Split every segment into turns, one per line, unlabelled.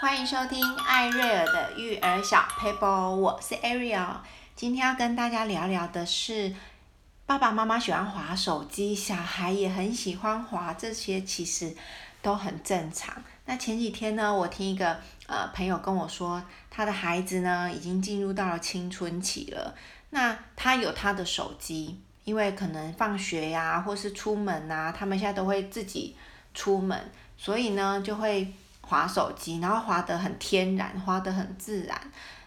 歡迎收聽艾瑞爾的育兒小 paper，我是艾瑞爾。今天要跟大家聊聊的是，爸爸媽媽喜歡滑手機，小孩也很喜歡滑，這些其實都很正常。那前幾天呢，我聽一個呃朋友跟我說，他的孩子呢已經進入到了青春期了，那他有他的手機，因為可能放學呀、啊，或是出門啊，他們現在都會自己出門，所以呢就會，滑手機，然後滑得很天然，滑得很自然。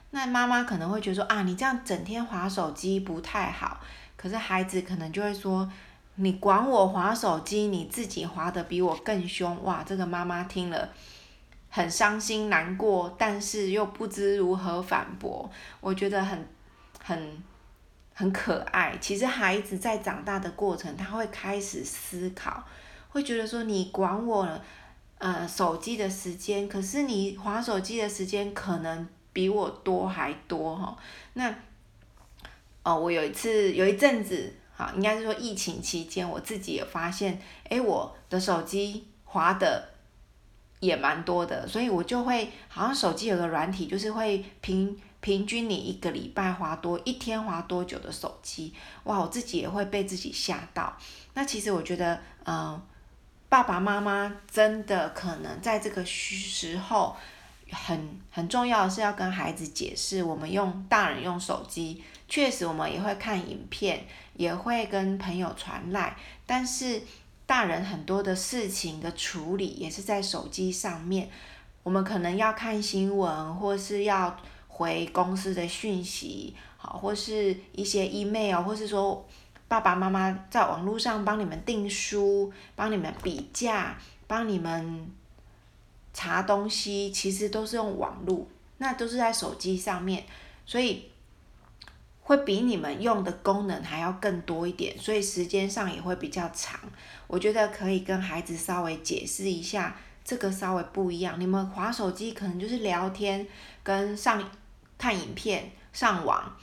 那媽媽可能會覺得說，啊，你這樣整天滑手機不太好。可是孩子可能就會說，你管我滑手機，你自己滑得比我更兇。哇，這個媽媽聽了，很傷心難過，但是又不知如何反駁。我覺得很，很，很可愛。其實孩子在長大的過程，他會開始思考，會覺得說，你管我了。呃，手機的時間，可是你滑手機的時間可能比我多還多哈、哦。那，哦，我有一次有一陣子，哈、哦，應該是說疫情期間，我自己也發現，哎，我的手機滑的也蠻多的，所以我就會好像手機有個軟體，就是會平平均你一個禮拜滑多一天滑多久的手機，哇，我自己也會被自己嚇到。那其實我覺得，嗯、呃。爸爸媽媽真的可能在這個時候很很重要的是要跟孩子解釋，我們用大人用手機，確實我們也會看影片，也會跟朋友傳來，但是大人很多的事情的處理也是在手機上面，我們可能要看新聞，或是要回公司的訊息，好，或是一些 email，或是說。爸爸媽媽在網絡上幫你們訂書，幫你們比價，幫你們查東西，其實都是用網絡，那都是在手機上面，所以會比你們用的功能還要更多一點，所以時間上也會比較長。我覺得可以跟孩子稍微解釋一下，這個稍微不一樣。你們滑手機可能就是聊天、跟上看影片、上網，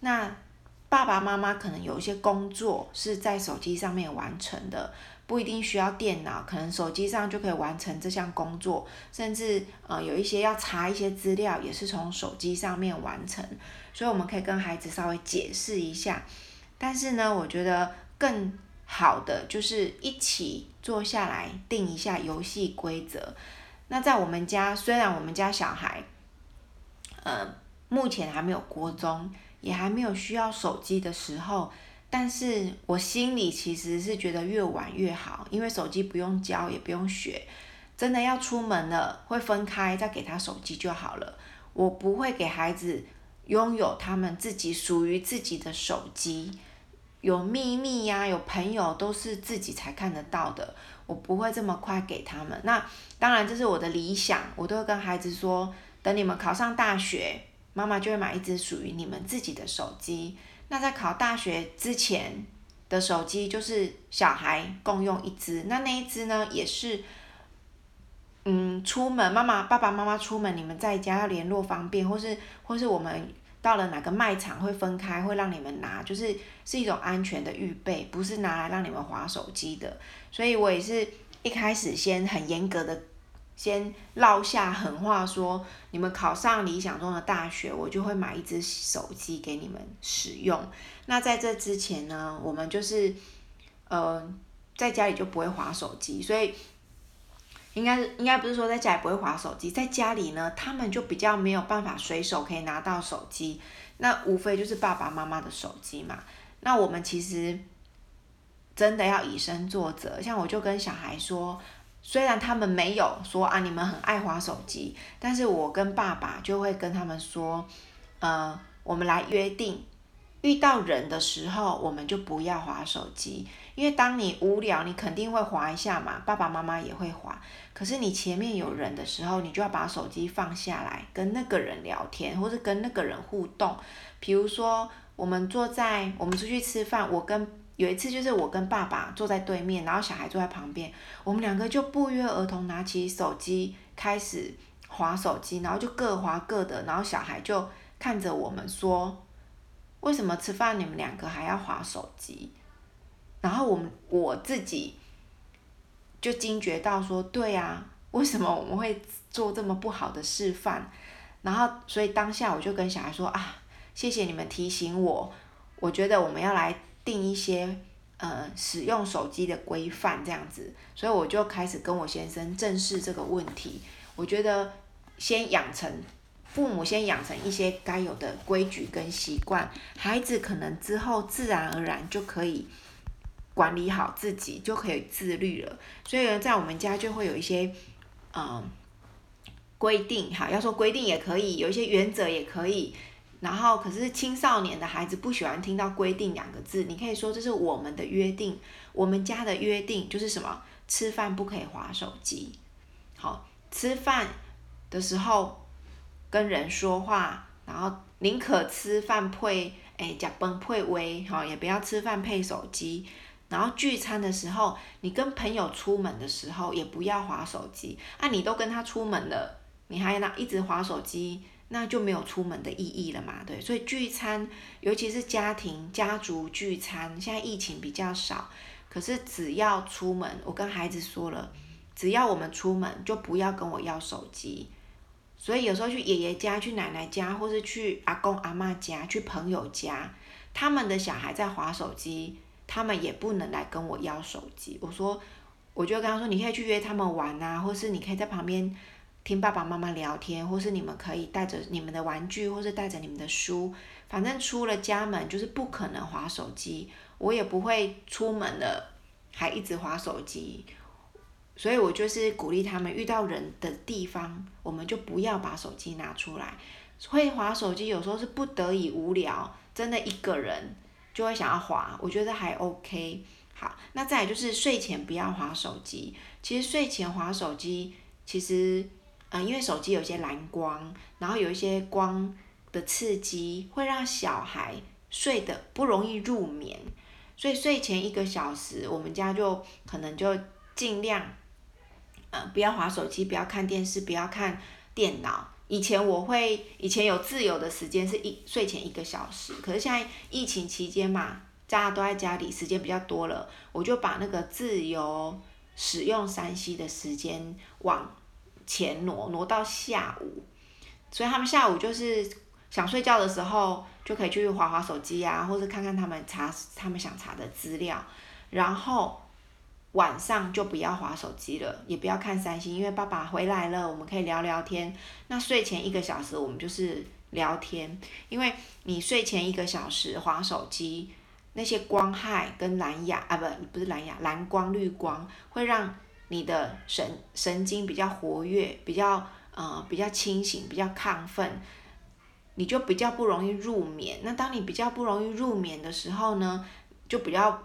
那。爸爸媽媽可能有一些工作是在手機上面完成的，不一定需要電腦，可能手機上就可以完成這項工作，甚至呃有一些要查一些資料也是從手機上面完成，所以我們可以跟孩子稍微解釋一下。但是呢，我覺得更好的就是一起坐下來定一下遊戲規則。那在我們家，雖然我們家小孩，呃，目前還沒有國中。也還沒有需要手機的時候，但是我心裡其實是覺得越晚越好，因為手機不用教也不用學，真的要出門了會分開再給他手機就好了。我不會給孩子擁有他們自己屬於自己的手機，有秘密呀、啊，有朋友都是自己才看得到的，我不會這麼快給他們。那當然這是我的理想，我都會跟孩子說，等你們考上大學。媽媽就會買一支屬於你們自己的手機。那在考大學之前的手機就是小孩共用一支。那那一隻呢，也是，嗯，出門媽媽、爸爸媽媽出門，你們在家要聯絡方便，或是或是我們到了哪個賣場會分開，會讓你們拿，就是是一種安全的預備，不是拿來讓你們滑手機的。所以我也是一開始先很嚴格的。先落下狠話說，說你們考上理想中的大學，我就會買一只手機給你們使用。那在這之前呢，我們就是，呃，在家裡就不會滑手機，所以應該應該不是說在家裡不會滑手機，在家裡呢，他們就比較沒有辦法隨手可以拿到手機。那無非就是爸爸媽媽的手機嘛。那我們其實真的要以身作則，像我就跟小孩說。雖然他們沒有說啊，你們很愛滑手機，但是我跟爸爸就會跟他們說，呃，我們來約定，遇到人的時候，我們就不要滑手機，因為當你無聊，你肯定會滑一下嘛，爸爸媽媽也會滑，可是你前面有人的時候，你就要把手機放下來，跟那個人聊天，或者跟那個人互動，比如說我們坐在，我們出去吃飯，我跟。有一次，就是我跟爸爸坐在對面，然後小孩坐在旁邊，我們兩個就不約而同拿起手機開始滑手機，然後就各滑各的，然後小孩就看着我們說：“為什麼吃飯你們兩個還要滑手機？”然後我們我自己就驚覺到說：“對啊，為什麼我們會做這麼不好的示範？”然後所以當下我就跟小孩說：“啊，謝謝你們提醒我，我覺得我們要來。”定一些，呃、嗯，使用手機的規範這樣子，所以我就開始跟我先生正視這個問題。我覺得先養成父母先養成一些該有的規矩跟習慣，孩子可能之後自然而然就可以管理好自己，就可以自律了。所以，在我們家就會有一些，嗯，規定哈，要說規定也可以，有一些原則也可以。然後，可是青少年的孩子不喜歡聽到“規定”兩個字。你可以說這是我們的約定，我們家的約定就是什麼：吃飯不可以滑手機，好，吃飯的時候跟人說話，然後寧可吃飯配哎吃崩配微好，也不要吃飯配手機。然後聚餐的時候，你跟朋友出門的時候也不要滑手機啊！你都跟他出門了，你還拿一直滑手機。那就沒有出門的意義了嘛，對，所以聚餐，尤其是家庭、家族聚餐，現在疫情比較少，可是只要出門，我跟孩子說了，只要我們出門，就不要跟我要手機。所以有時候去爺爺家、去奶奶家，或是去阿公阿嬤家、去朋友家，他們的小孩在滑手機，他們也不能來跟我要手機。我說，我就跟他說，你可以去約他們玩啊，或是你可以在旁邊。聽爸爸媽媽聊天，或是你們可以帶着你們的玩具，或是帶着你們的書，反正出了家門就是不可能滑手機。我也不會出門了，還一直滑手機。所以我就是鼓勵他們，遇到人的地方，我們就不要把手機拿出來。會滑手機有時候是不得已無聊，真的一個人就會想要滑，我覺得還 OK。好，那再來就是睡前不要滑手機。其實睡前滑手機，其實。嗯，因為手機有些藍光，然後有一些光的刺激會讓小孩睡得不容易入眠，所以睡前一個小時，我們家就可能就盡量，嗯，不要滑手機，不要看電視，不要看電腦。以前我會，以前有自由的時間是一睡前一個小時，可是現在疫情期間嘛，大家都在家裡，時間比較多了，我就把那個自由使用三 C 的時間往。前挪，挪到下午，所以他們下午就是想睡覺的時候，就可以去滑滑手機呀、啊，或者看看他們查他們想查的資料。然後晚上就不要滑手機了，也不要看三星，因為爸爸回來了，我們可以聊聊天。那睡前一個小時，我們就是聊天，因為你睡前一個小時滑手機，那些光害跟藍牙啊不，不不是藍牙，藍光綠光會讓。你的神神經比較活躍，比較呃比較清醒，比較亢奮，你就比較不容易入眠。那當你比較不容易入眠的時候呢，就比較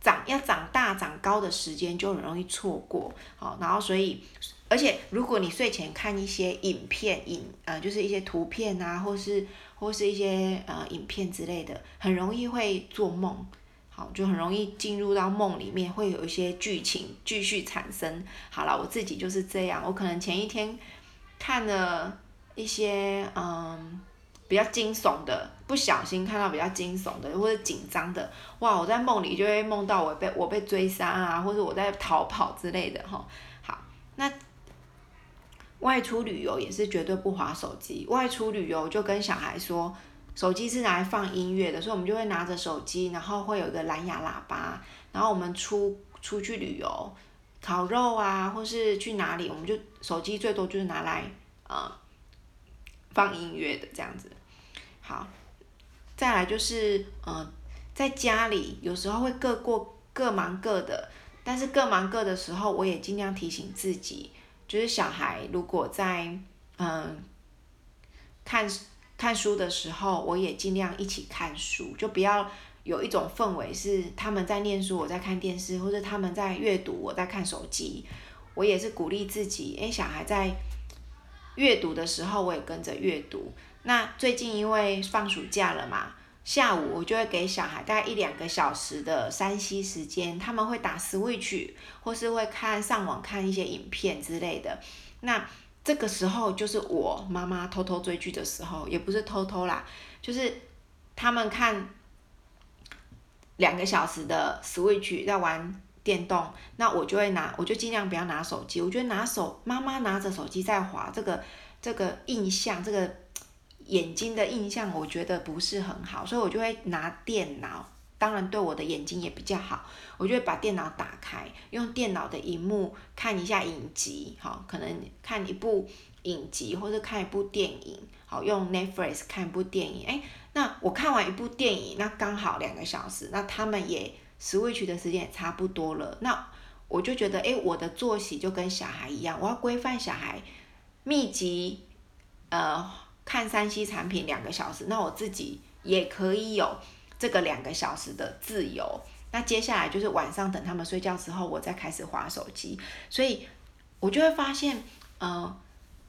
長要長大長高的時間就很容易錯過，好，然後所以而且如果你睡前看一些影片、影呃就是一些圖片啊，或是或是一些呃影片之類的，很容易會做夢。就很容易進入到夢裡面，會有一些劇情繼續產生。好了，我自己就是這樣，我可能前一天看了一些嗯比較驚悚的，不小心看到比較驚悚的或者緊張的，哇，我在夢裡就會夢到我被我被追殺啊，或者我在逃跑之類的吼，好，那外出旅遊也是絕對不滑手機，外出旅遊就跟小孩說。手機是拿來放音樂的，所以我們就會拿着手機，然後會有一個藍牙喇叭，然後我們出出去旅遊、烤肉啊，或是去哪裡，我們就手機最多就是拿來，嗯，放音樂的這樣子。好，再來就是，嗯，在家裡有時候會各過各忙各的，但是各忙各的時候，我也盡量提醒自己，就是小孩如果在，嗯，看。看書的時候，我也盡量一起看書，就不要有一種氛圍是他們在念書，我在看電視，或者他們在閱讀，我在看手機。我也是鼓勵自己，為、欸、小孩在閱讀的時候，我也跟着閱讀。那最近因為放暑假了嘛，下午我就會給小孩大概一兩個小時的 3C 時間，他們會打 Switch，或是會看上網看一些影片之類的。那這個時候就是我媽媽偷偷追劇的時候，也不是偷偷啦，就是他們看兩個小時的 switch 在玩電動，那我就會拿，我就盡量不要拿手機。我覺得拿手，媽媽拿着手機在滑，這個這個印象，這個眼睛的印象，我覺得不是很好，所以我就會拿電腦。當然，對我的眼睛，也比較好。我就會把電腦打開，用電腦的螢幕看一下影集，哈、哦，可能看一部影集或者看一部電影，好、哦，用 Netflix 看一部電影。哎，那我看完一部電影，那剛好兩個小時，那他們也 switch 的時間也差不多了。那我就覺得，哎，我的作息就跟小孩一樣，我要規範小孩密集呃看三 C 產品兩個小時，那我自己也可以有。這個兩個小時的自由，那接下來就是晚上等他們睡覺之後，我再開始滑手機。所以，我就會發現，嗯、呃，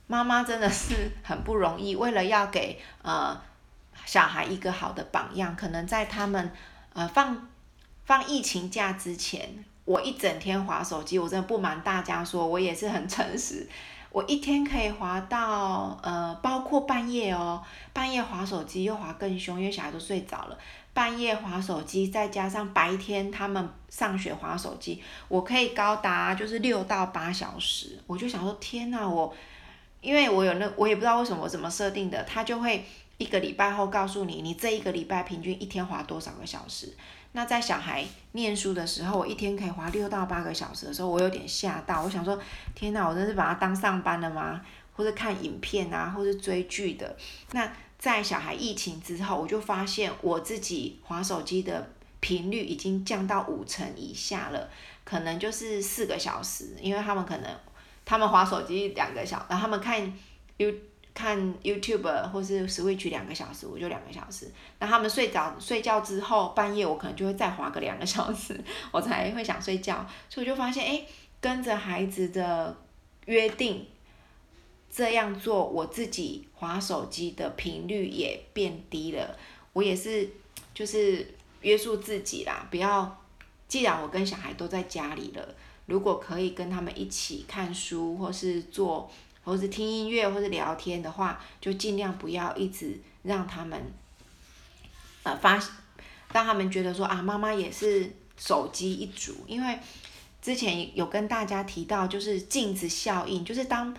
媽媽真的是很不容易，為了要給呃小孩一個好的榜樣，可能在他們呃放放疫情假之前，我一整天滑手機，我真的不瞞大家說，我也是很誠實，我一天可以滑到呃包括半夜哦，半夜滑手機又滑更兇，因為小孩都睡着了。半夜划手機，再加上白天他們上學划手機，我可以高達就是六到八小時。我就想說天哪，我因為我有，那我也不知道為什麼我怎麼設定的，他就會一個禮拜後告訴你，你這一個禮拜平均一天划多少個小時。那在小孩念書的時候，我一天可以划六到八個小時的時候，我有點嚇到，我想說天哪，我真是把他當上班了嗎？或者看影片啊，或是追劇的那。在小孩疫情之後，我就發現我自己滑手機的頻率已經降到五成以下了，可能就是四個小時，因為他們可能，他們滑手機兩個小時，然後他們看 You 看 YouTube 或是 Switch 兩個小時，我就兩個小時。那他們睡着睡覺之後，半夜我可能就會再滑個兩個小時，我才會想睡覺。所以我就發現，哎，跟着孩子的約定。這樣做，我自己滑手機的頻率也變低了。我也是，就是約束自己啦，不要。既然我跟小孩都在家裡了，如果可以跟他們一起看書，或是做，或是聽音樂，或是聊天的話，就儘量不要一直讓他們，呃，發，讓他們覺得說啊，媽媽也是手機一族。因為之前有跟大家提到，就是鏡子效應，就是當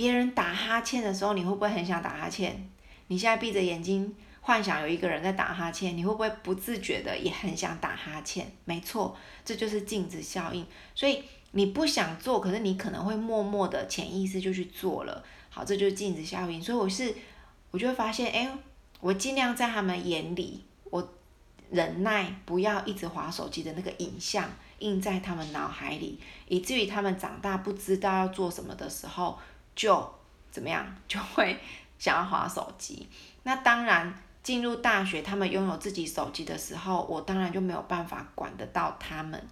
別人打哈欠的時候，你會不會很想打哈欠？你現在閉着眼睛，幻想有一個人在打哈欠，你會不會不自覺的也很想打哈欠？沒錯，這就是鏡子效應。所以你不想做，可是你可能會默默的潛意識就去做了。好，這就是鏡子效應。所以我是，我就會發現，哎，我盡量在他們眼裡，我忍耐，不要一直滑手機的那個影像印在他們腦海裡，以至於他們長大不知道要做什麼的時候。就怎麼樣就會想要滑手機，那當然進入大學，他們擁有自己手機的時候，我當然就沒有辦法管得到他們。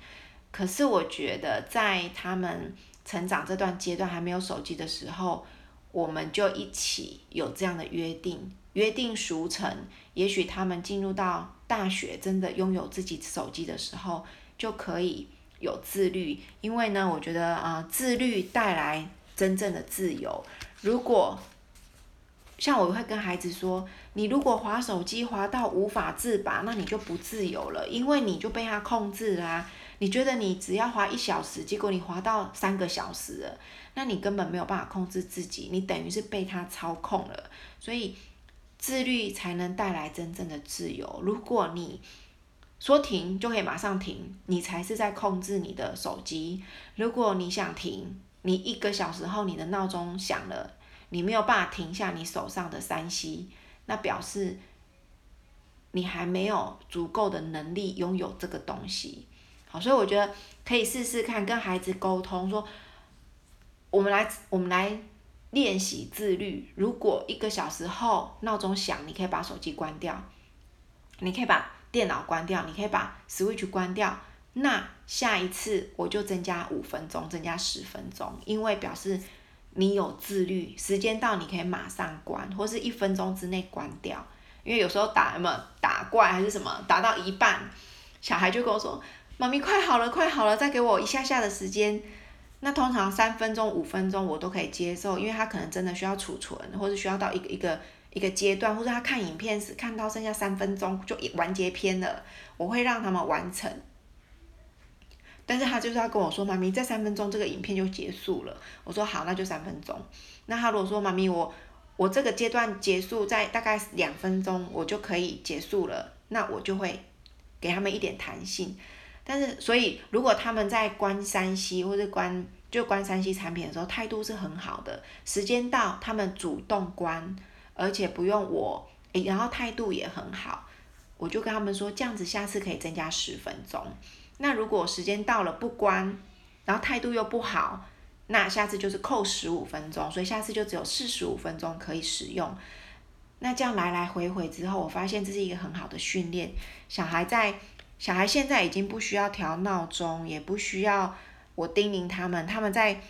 可是我覺得在他們成長這段階段還沒有手機的時候，我們就一起有這樣的約定，約定俗成。也許他們進入到大學，真的擁有自己手機的時候，就可以有自律，因為呢，我覺得啊、呃，自律帶來。真正的自由。如果像我會跟孩子說，你如果滑手機滑到無法自拔，那你就不自由了，因為你就被他控制啦、啊。你覺得你只要滑一小時，結果你滑到三個小時了，那你根本沒有辦法控制自己，你等於是被他操控了。所以自律才能帶來真正的自由。如果你說停就可以馬上停，你才是在控制你的手機。如果你想停，你一個小時後，你的鬧鐘響了，你沒有辦法停下你手上的三 C，那表示你還沒有足夠的能力擁有這個東西。好，所以我覺得可以試試看，跟孩子溝通說，我們來，我們來練習自律。如果一個小時後鬧鐘響，你可以把手機關掉，你可以把電腦關掉，你可以把 Switch 關掉。那下一次我就增加五分鐘，增加十分鐘，因為表示你有自律，時間到你可以馬上關，或是一分鐘之內關掉。因為有時候打什麼打怪還是什麼，打到一半，小孩就跟我說：“媽咪，快好了，快好了，再給我一下下的時間。”那通常三分鐘、五分鐘我都可以接受，因為他可能真的需要儲存，或者需要到一個一個一個階段，或者他看影片時看到剩下三分鐘就完結篇了，我會讓他們完成。但是他就是要跟我說，媽咪，再三分鐘這個影片就結束了。我說好，那就三分鐘。那他如果說媽咪，我我這個階段結束在大概兩分鐘，我就可以結束了，那我就會給他們一點彈性。但是，所以如果他們在關 3C 或者關就關 3C 產品的時候態度是很好的，時間到他們主動關，而且不用我，欸、然後態度也很好，我就跟他們說這樣子下次可以增加十分鐘。那如果時間到了不關，然後態度又不好，那下次就是扣十五分鐘，所以下次就只有四十五分鐘可以使用。那這樣來來回回之後，我發現這是一個很好的訓練。小孩在小孩現在已經不需要調鬧鐘，也不需要我叮嚀他們，他們在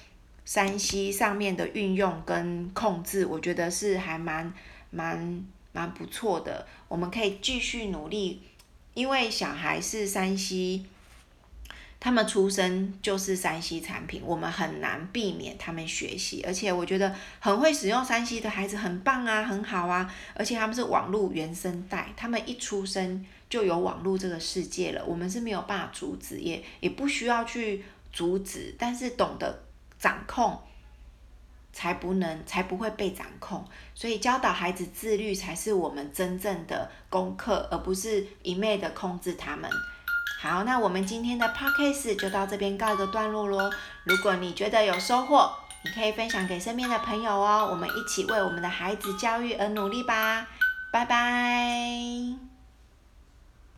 3C 上面的運用跟控制，我覺得是還蠻蠻蠻不錯的。我們可以繼續努力，因為小孩是 3C。他們出生就是 3C 產品，我們很難避免他們學習，而且我覺得很會使用 3C 的孩子很棒啊！很好啊！而且他們是網絡原生代，他們一出生就有網絡這個世界了，我們是沒有辦法阻止，也也不需要去阻止，但是懂得掌控，才不能才不會被掌控，所以教導孩子自律才是我們真正的功課，而不是一昧的控制他們。好，那我們今天的 Podcast 就到這邊告一個段落嘍。如果你覺得有收穫，你可以分享給身邊的朋友哦。我們一起為我們的孩子教育而努力吧。拜拜。